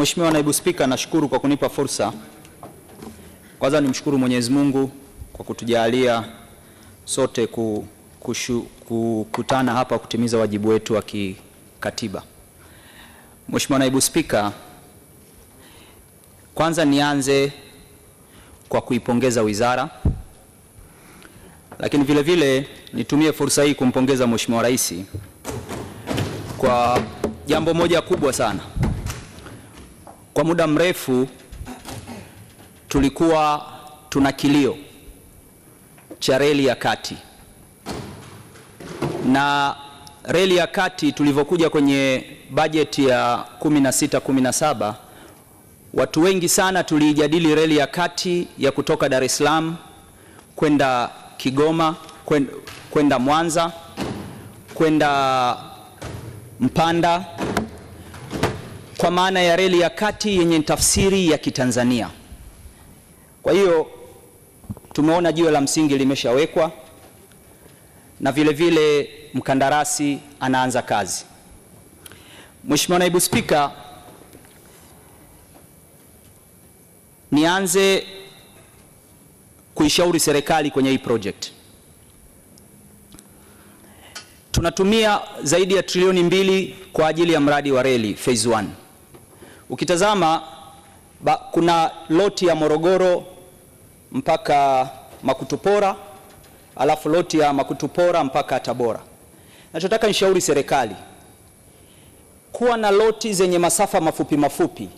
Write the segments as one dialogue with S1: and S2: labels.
S1: Mheshimiwa Naibu Spika, nashukuru kwa kunipa fursa. Kwanza nimshukuru Mwenyezi Mungu kwa kutujalia sote kukutana hapa kutimiza wajibu wetu wa kikatiba. Mheshimiwa Naibu Spika, kwanza nianze kwa kuipongeza wizara, lakini vile vile nitumie fursa hii kumpongeza Mheshimiwa Rais kwa jambo moja kubwa sana kwa muda mrefu tulikuwa tuna kilio cha reli ya kati, na reli ya kati tulivyokuja kwenye bajeti ya 16 17 watu wengi sana tuliijadili reli ya kati ya kutoka Dar es Salaam kwenda Kigoma, kwenda Mwanza, kwenda Mpanda kwa maana ya reli ya kati yenye tafsiri ya Kitanzania. Kwa hiyo tumeona jiwe la msingi limeshawekwa na vile vile mkandarasi anaanza kazi. Mheshimiwa Naibu Spika, nianze kuishauri serikali kwenye hii project. Tunatumia zaidi ya trilioni mbili kwa ajili ya mradi wa reli phase 1. Ukitazama ba, kuna loti ya Morogoro mpaka Makutupora alafu loti ya Makutupora mpaka Tabora. Nachotaka nishauri serikali kuwa na loti zenye masafa mafupi mafupi,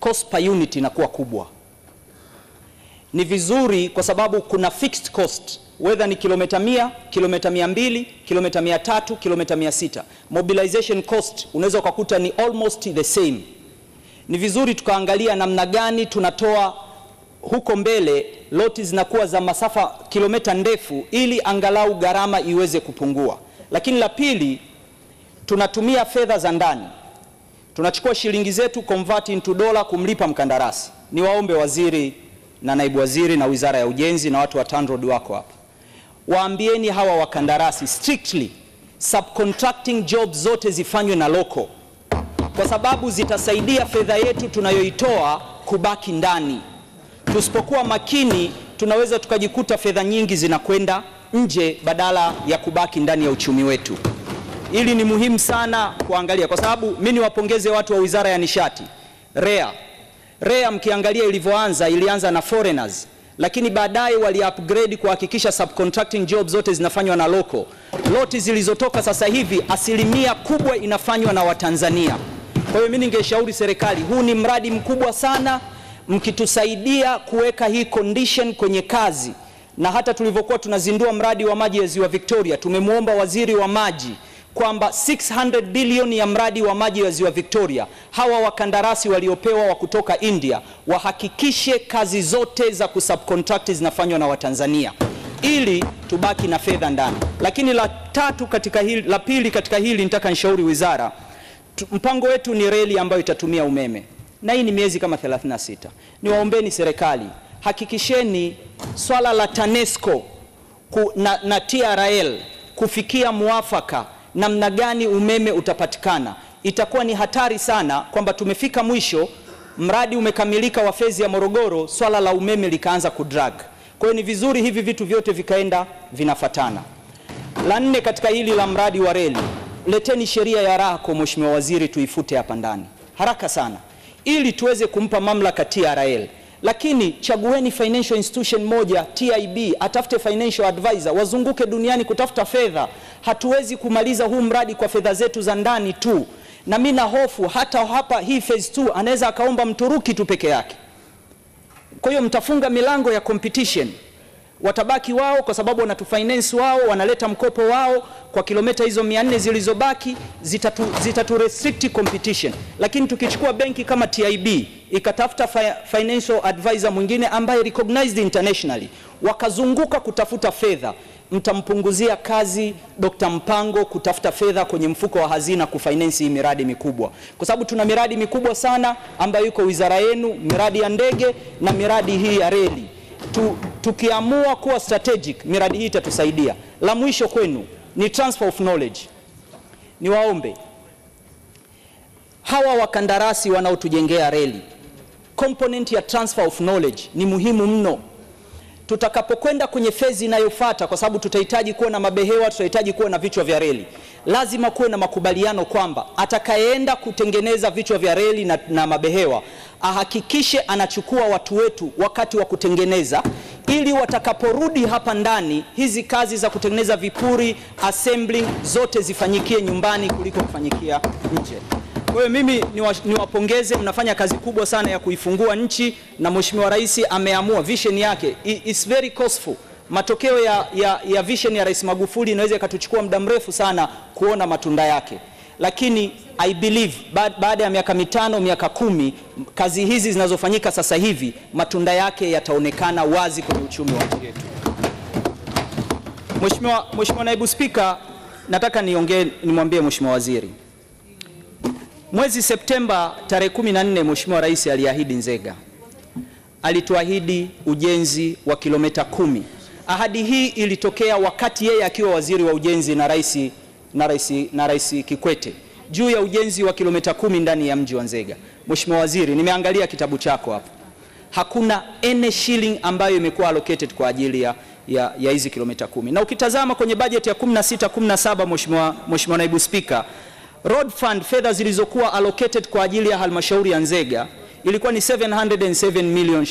S1: cost per unit inakuwa kubwa. Ni vizuri kwa sababu kuna fixed cost whether ni kilomita mia, kilomita mia mbili, kilomita mia tatu, kilomita mia sita, mobilization cost unaweza ukakuta ni almost the same ni vizuri tukaangalia namna gani tunatoa huko mbele loti zinakuwa za masafa kilomita ndefu, ili angalau gharama iweze kupungua. Lakini la pili, tunatumia fedha za ndani, tunachukua shilingi zetu convert into dola kumlipa mkandarasi. Ni waombe waziri na naibu waziri na wizara ya ujenzi na watu wa TANROAD wako hapa, waambieni hawa wakandarasi strictly subcontracting jobs zote zifanywe na local kwa sababu zitasaidia fedha yetu tunayoitoa kubaki ndani. Tusipokuwa makini, tunaweza tukajikuta fedha nyingi zinakwenda nje badala ya kubaki ndani ya uchumi wetu. Hili ni muhimu sana kuangalia, kwa sababu mimi niwapongeze watu wa Wizara ya Nishati REA. REA mkiangalia ilivyoanza, ilianza na foreigners lakini baadaye wali upgrade kuhakikisha subcontracting jobs zote zinafanywa na local. Loti zilizotoka sasa hivi asilimia kubwa inafanywa na Watanzania. Kwa hiyo mimi ningeshauri serikali, huu ni mradi mkubwa sana, mkitusaidia kuweka hii condition kwenye kazi, na hata tulivyokuwa tunazindua mradi wa maji ya Ziwa Victoria, tumemwomba waziri wa maji kwamba 600 bilioni ya mradi wa maji ya Ziwa Victoria, hawa wakandarasi waliopewa wa kutoka India wahakikishe kazi zote za kusubcontract zinafanywa na Watanzania ili tubaki na fedha ndani. Lakini la tatu katika hili, la pili katika hili nitaka nishauri wizara mpango wetu ni reli ambayo itatumia umeme na hii ni miezi kama 36. Niwaombeni serikali, hakikisheni swala la TANESCO ku, na, na TRL kufikia mwafaka namna gani umeme utapatikana. Itakuwa ni hatari sana kwamba tumefika mwisho, mradi umekamilika wa fezi ya Morogoro, swala la umeme likaanza kudrag. Kwa hiyo ni vizuri hivi vitu vyote vikaenda vinafatana. La nne katika hili la mradi wa reli leteni sheria ya RACO mheshimiwa waziri, tuifute hapa ndani haraka sana, ili tuweze kumpa mamlaka TRL. Lakini chagueni financial institution moja, TIB atafute financial advisor, wazunguke duniani kutafuta fedha. Hatuwezi kumaliza huu mradi kwa fedha zetu za ndani tu, na mimi na hofu hata hapa hii phase 2 anaweza akaomba Mturuki tu peke yake. Kwa hiyo mtafunga milango ya competition watabaki wao kwa sababu wanatufinance wao, wanaleta mkopo wao kwa kilomita hizo 400 zilizobaki zitatu, zitatu restrict competition. Lakini tukichukua benki kama TIB ikatafuta fi financial advisor mwingine ambaye recognized internationally, wakazunguka kutafuta fedha, mtampunguzia kazi Dr. Mpango kutafuta fedha kwenye mfuko wa hazina kufinance hii miradi mikubwa, kwa sababu tuna miradi mikubwa sana ambayo iko wizara yenu, miradi ya ndege na miradi hii ya reli tu, tukiamua kuwa strategic miradi hii itatusaidia. La mwisho kwenu ni transfer of knowledge. Niwaombe hawa wakandarasi wanaotujengea reli, component ya transfer of knowledge ni muhimu mno tutakapokwenda kwenye fezi inayofuata, kwa sababu tutahitaji kuwa na mabehewa, tutahitaji kuwa na vichwa vya reli, lazima kuwe na makubaliano kwamba atakayeenda kutengeneza vichwa vya reli na, na mabehewa ahakikishe anachukua watu wetu wakati wa kutengeneza, ili watakaporudi hapa ndani hizi kazi za kutengeneza vipuri assembling zote zifanyikie nyumbani kuliko kufanyikia nje. Kwa hiyo mimi niwapongeze, mnafanya kazi kubwa sana ya kuifungua nchi, na Mheshimiwa Rais ameamua vision yake. It's very costful. Matokeo ya, ya, ya vision ya Rais Magufuli inaweza ikatuchukua muda mrefu sana kuona matunda yake, lakini I believe baada ya miaka mitano miaka kumi kazi hizi zinazofanyika sasa hivi matunda yake yataonekana wazi kwenye uchumi wa nchi yetu. Mheshimiwa Naibu Spika, nataka niongee nimwambie Mheshimiwa Waziri Mwezi Septemba tarehe 14, Mheshimiwa Rais aliahidi Nzega, alituahidi ujenzi wa kilomita kumi. Ahadi hii ilitokea wakati yeye akiwa waziri wa ujenzi na rais, na rais, na rais Kikwete juu ya ujenzi wa kilomita kumi ndani ya mji wa Nzega. Mheshimiwa Waziri, nimeangalia kitabu chako hapo, hakuna any shilling ambayo imekuwa allocated kwa ajili ya ya, ya hizi kilomita kumi, na ukitazama kwenye bajeti ya 16 17, Mheshimiwa Mheshimiwa Naibu Spika Road Fund fedha zilizokuwa allocated kwa ajili ya halmashauri ya Nzega ilikuwa ni 707 million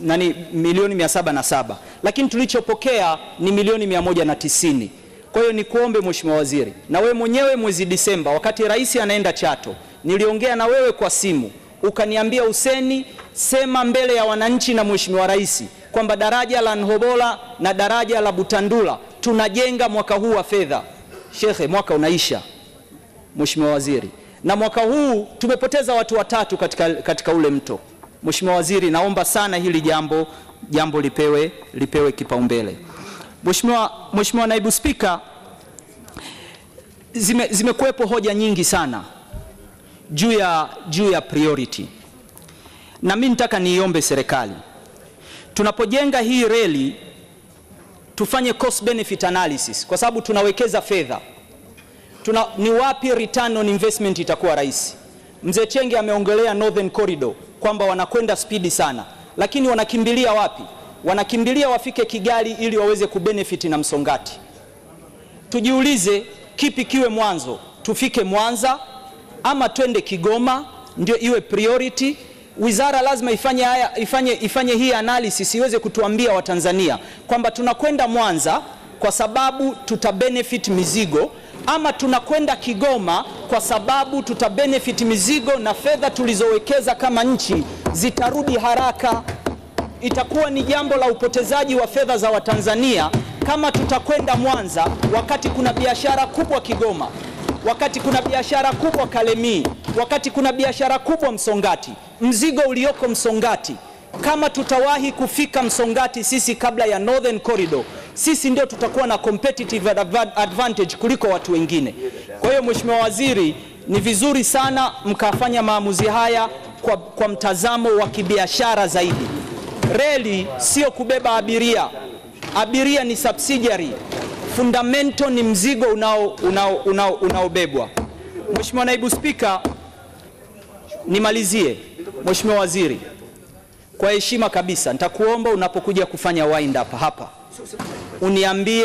S1: nani milioni 707, lakini tulichopokea ni milioni 190. Kwa hiyo nikuombe Mheshimiwa Waziri, na wewe mwenyewe mwezi Disemba wakati rais anaenda Chato, niliongea na wewe kwa simu ukaniambia, useni sema mbele ya wananchi na Mheshimiwa Rais kwamba daraja la Nhobola na daraja la Butandula tunajenga mwaka huu wa fedha. Shekhe, mwaka unaisha Mheshimiwa Waziri, na mwaka huu tumepoteza watu watatu katika, katika ule mto. Mheshimiwa Waziri, naomba sana hili jambo jambo lipewe, lipewe kipaumbele. Mheshimiwa Mheshimiwa Naibu Spika, zime, zimekuwepo hoja nyingi sana juu ya, juu ya priority, na mimi nataka niiombe serikali tunapojenga hii reli tufanye cost benefit analysis, kwa sababu tunawekeza fedha tuna, ni wapi return on investment itakuwa rahisi? Mzee Chenge ameongelea Northern Corridor kwamba wanakwenda spidi sana, lakini wanakimbilia wapi? Wanakimbilia wafike Kigali ili waweze kubenefiti na Msongati. Tujiulize, kipi kiwe mwanzo? Tufike Mwanza ama twende Kigoma? Ndio iwe priority. Wizara lazima ifanye, haya, ifanye, ifanye hii analysis iweze kutuambia Watanzania kwamba tunakwenda Mwanza kwa sababu tutabenefit mizigo ama tunakwenda Kigoma kwa sababu tuta mizigo na fedha tulizowekeza kama nchi zitarudi haraka. Itakuwa ni jambo la upotezaji wa fedha za Watanzania kama tutakwenda Mwanza wakati kuna biashara kubwa Kigoma, wakati kuna biashara kubwa Kalemie, wakati kuna biashara kubwa Msongati, mzigo ulioko Msongati. Kama tutawahi kufika Msongati sisi kabla ya Northern Corridor sisi ndio tutakuwa na competitive advantage kuliko watu wengine. Kwa hiyo Mheshimiwa Waziri, ni vizuri sana mkafanya maamuzi haya kwa, kwa mtazamo wa kibiashara zaidi. Reli sio kubeba abiria, abiria ni subsidiary, fundamento ni mzigo unaobebwa unao, unao, unao. Mheshimiwa Naibu Spika, nimalizie. Mheshimiwa Waziri, kwa heshima kabisa nitakuomba unapokuja kufanya wind up hapa uniambie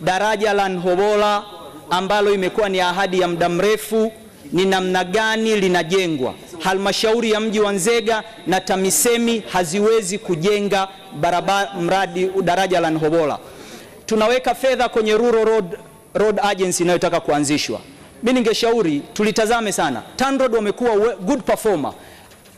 S1: daraja la Nhobola ambalo imekuwa ni ahadi ya muda mrefu ni namna gani linajengwa. Halmashauri ya mji wa Nzega na TAMISEMI haziwezi kujenga barabara mradi daraja la Nhobola. Tunaweka fedha kwenye Rural Road, Road Agency inayotaka kuanzishwa. Mimi ningeshauri tulitazame sana. TANROAD wamekuwa good performer,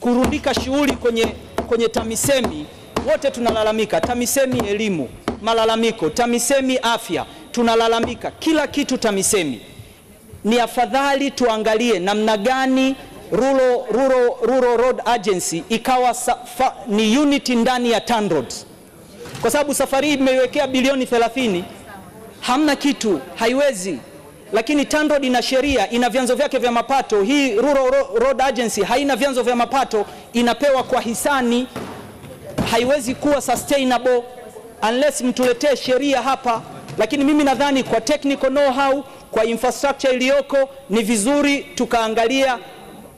S1: kurundika shughuli kwenye, kwenye TAMISEMI. Wote tunalalamika TAMISEMI elimu malalamiko. TAMISEMI afya tunalalamika kila kitu TAMISEMI. Ni afadhali tuangalie namna gani Rural, Rural, Rural Road Agency ikawa safa, ni unit ndani ya TANROADS kwa sababu safari hii bilioni 30, hamna kitu, haiwezi. Lakini TANROADS ina sheria, ina vyanzo vyake vya mapato. Hii Rural Road Agency haina vyanzo vya mapato, inapewa kwa hisani, haiwezi kuwa sustainable unless mtuletee sheria hapa, lakini mimi nadhani kwa technical know how, kwa infrastructure iliyoko ni vizuri tukaangalia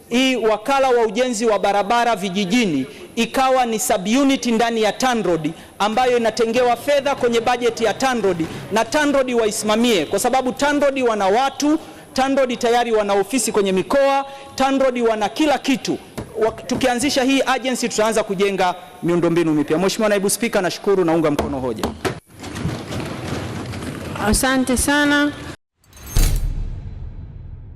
S1: hii wakala wa ujenzi wa barabara vijijini ikawa ni subunit ndani ya TANROADS ambayo inatengewa fedha kwenye bajeti ya TANROADS na TANROADS waisimamie, kwa sababu TANROADS wana watu, TANROADS tayari wana ofisi kwenye mikoa, TANROADS wana kila kitu tukianzisha hii agency tutaanza kujenga miundombinu mipya. Mheshimiwa Naibu Spika, nashukuru, naunga mkono hoja.
S2: Asante sana.